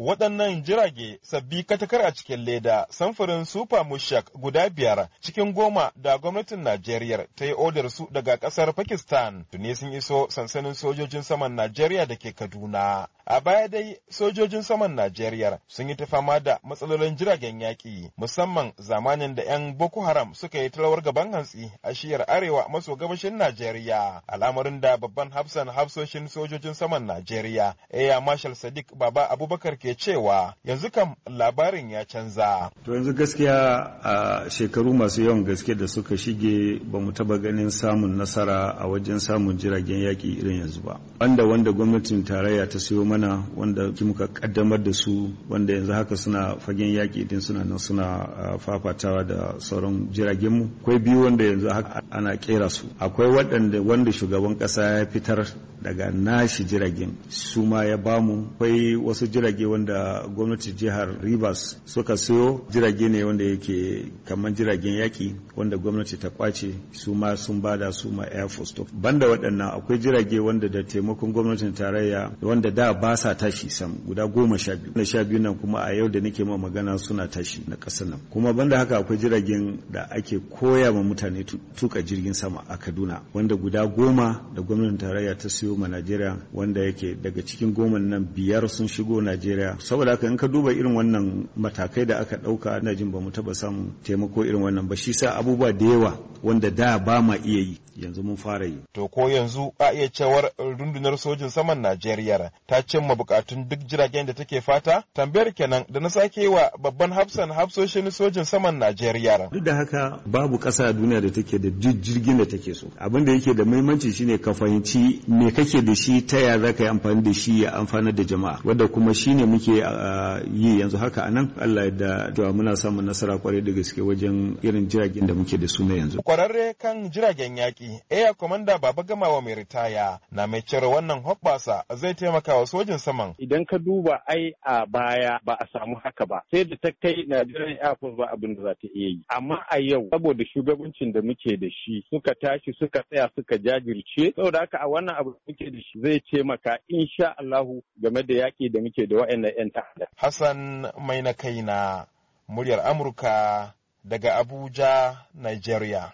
waɗannan jirage sabbi katakar a cikin leda samfurin super mushak guda biyar cikin goma da gwamnatin najeriya ta yi odar su daga ƙasar pakistan tuni sun iso sansanin sojojin saman najeriya da ke kaduna A baya dai sojojin saman Najeriya sun yi ta fama da matsalolin jiragen yaƙi musamman zamanin da 'yan Boko Haram suka yi talawar gaban hantsi a shiyar arewa maso gabashin Najeriya. Al'amarin da babban hafsan hafsoshin sojojin saman Najeriya Air Marshal Sadiq Baba Abubakar ke cewa yanzu kam labarin ya canza. To yanzu gaskiya a shekaru masu yawan gaske da suka shige ba mu taba ganin samun nasara a wajen samun jiragen yaƙi irin yanzu ba. Wanda wanda gwamnatin tarayya ta siyo mana wanda muka kaddamar da su wanda yanzu haka suna fagen yaƙi din suna nan suna fafatawa da sauran jiragenmu akwai biyu wanda yanzu haka ana kera su akwai waɗanda wanda shugaban ƙasa ya fitar daga nashi jiragen su ma ya bamu akwai wasu jirage wanda gwamnati jihar rivers suka siyo jirage ne wanda yake kamar jiragen yaƙi wanda gwamnati ta kwace su ma sun bada su ma air force banda waɗannan akwai jirage wanda da taimakon gwamnatin tarayya wanda da ba sa tashi sam guda goma sha biyu na sha biyu nan kuma a yau da nake ma magana suna tashi na ƙasa nan kuma banda haka akwai jiragen da ake koya ma mutane tuka jirgin sama a Kaduna wanda guda goma da gwamnatin tarayya ta siyo ma Najeriya wanda yake daga cikin goma nan biyar sun shigo Najeriya saboda haka in ka duba irin wannan matakai da aka ɗauka ina jin ba mu taɓa samun taimako irin wannan ba shi sa abubuwa da yawa wanda da ba ma iya yi yanzu mun fara yi. To ko yanzu a iya cewar rundunar sojin saman Najeriya ta cimma bukatun duk jiragen da take fata? Tambayar kenan da na sake wa babban hafsan hafsoshin sojin saman Najeriya. Duk da haka babu ƙasa a duniya da take da duk jirgin da take so. Abin da yake da muhimmanci shine ka fahimci me kake da shi ta ya za ka yi amfani da shi ya amfanar da jama'a. Wanda kuma shine muke yi yanzu haka anan Allah da muna samun nasara kwarai da gaske wajen irin jiragen da muke da su na yanzu. Kwararre kan jiragen yaƙi Air Commander Baba Gamawa mai ritaya na mai cire wannan hoɓɓasa zai taimaka wa sojin saman. Idan ka duba ai a baya ba a samu haka ba, sai da ta kai Nigerian Air Force ba abin da za ta iya yi. Amma a yau saboda shugabancin da muke da shi suka tashi suka tsaya suka jajirce, saboda haka a wannan abu da muke da shi zai taimaka insha Allahu game da yaƙi da muke da wa'annan 'yan ta'adda. Hassan mai na kaina muryar Amurka daga Abuja, Nigeria.